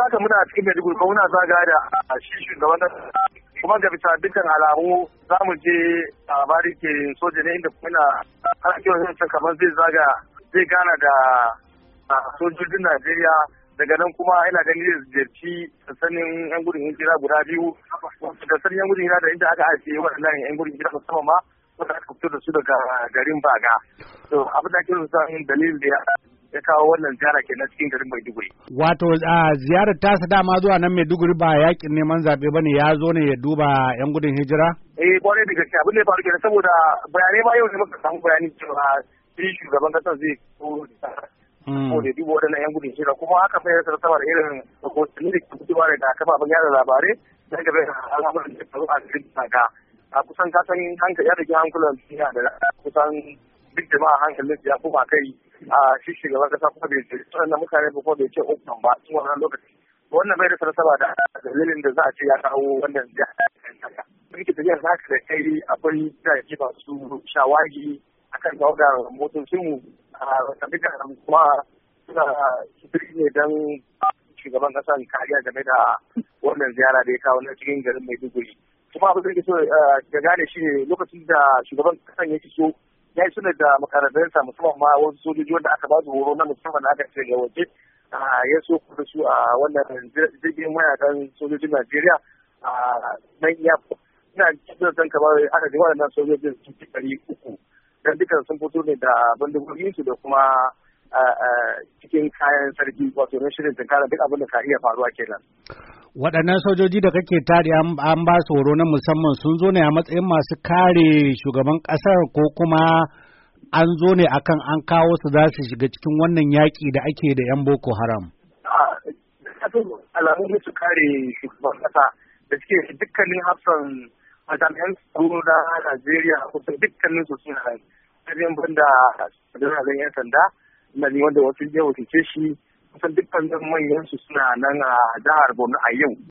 yanzu haka muna cikin Maiduguri kuma muna zaga da shi shugaban kuma ga bisa dukkan alamu za mu je a bari ke soja ne inda kuma har kiwon kamar zai zaga zai gana da sojojin Najeriya daga nan kuma ina ganin zai ziyarci sanin yan gudun hijira guda biyu da sanin yan gudun hijira da inda aka haife waɗannan yan gudun hijira musamman ma wanda aka fito da su daga garin Baga. To abin da ake rusa dalilin da ya ya kawo wannan ziyara ke na cikin garin Maiduguri. Wato a ziyarar sa dama zuwa nan Maiduguri ba yakin neman zaɓe ba ne ya zo ne ya duba 'yan gudun hijira? Eh kwarai da gaske abin da ya faru kenan saboda bayanai ba yau ne muka samu bayani cewa shi shugaban kasar zai ko da hmm. duba waɗannan 'yan gudun hijira kuma haka fa ya sama da irin rahotanni da ke fitowa kafa kafafen yada labarai da ga bai al'amuran da faru a cikin saka a kusan kasan hankali ya rage hankulan duniya da kusan duk jama'a hankalin ya ba kai a shi shugaban kasa kuma bai ce waɗannan mutane ba kuma bai ce ofan ba tun wannan lokaci wannan bai da sarasaba da dalilin da za a ce ya kawo wannan jihar Rike tafiyar za ka da kai akwai jirage masu shawagi akan tawagar mu a tafiya kuma suna shiri ne don shugaban kasa kariya game da wannan ziyara da ya kawo na cikin garin Maiduguri. Kuma abin da so ga eh, gane shi ne lokacin da shugaban kasan ya so ya yi suna da makarantarsa musamman ma wasu sojoji wanda aka ba su horo na musamman aka ce ga waje ya so kuma su a wannan jirgin mayakan sojojin Najeriya a nan ya ina cikin san kamar aka ji waɗannan sojojin sun fi ɗari uku dan dukkan sun fito ne da su da kuma cikin kayan sarki wato na shirin tunkara duk abin da ka iya faruwa kenan. Waɗannan sojoji da kake tare an ba su horo na musamman sun zo ne a matsayin masu kare shugaban ƙasar ko kuma an zo ne akan an kawo su za su shiga cikin wannan yaƙi da ake da 'yan Boko Haram. Alamun su kare shugaban ƙasa da suke dukkanin hafsan jami'an tsaro na Najeriya kusan dukkanin su suna nan. banda da 'yan sanda ne wanda wasu ya shi kusan dukkan manyan su suna nan a jihar Borno a yau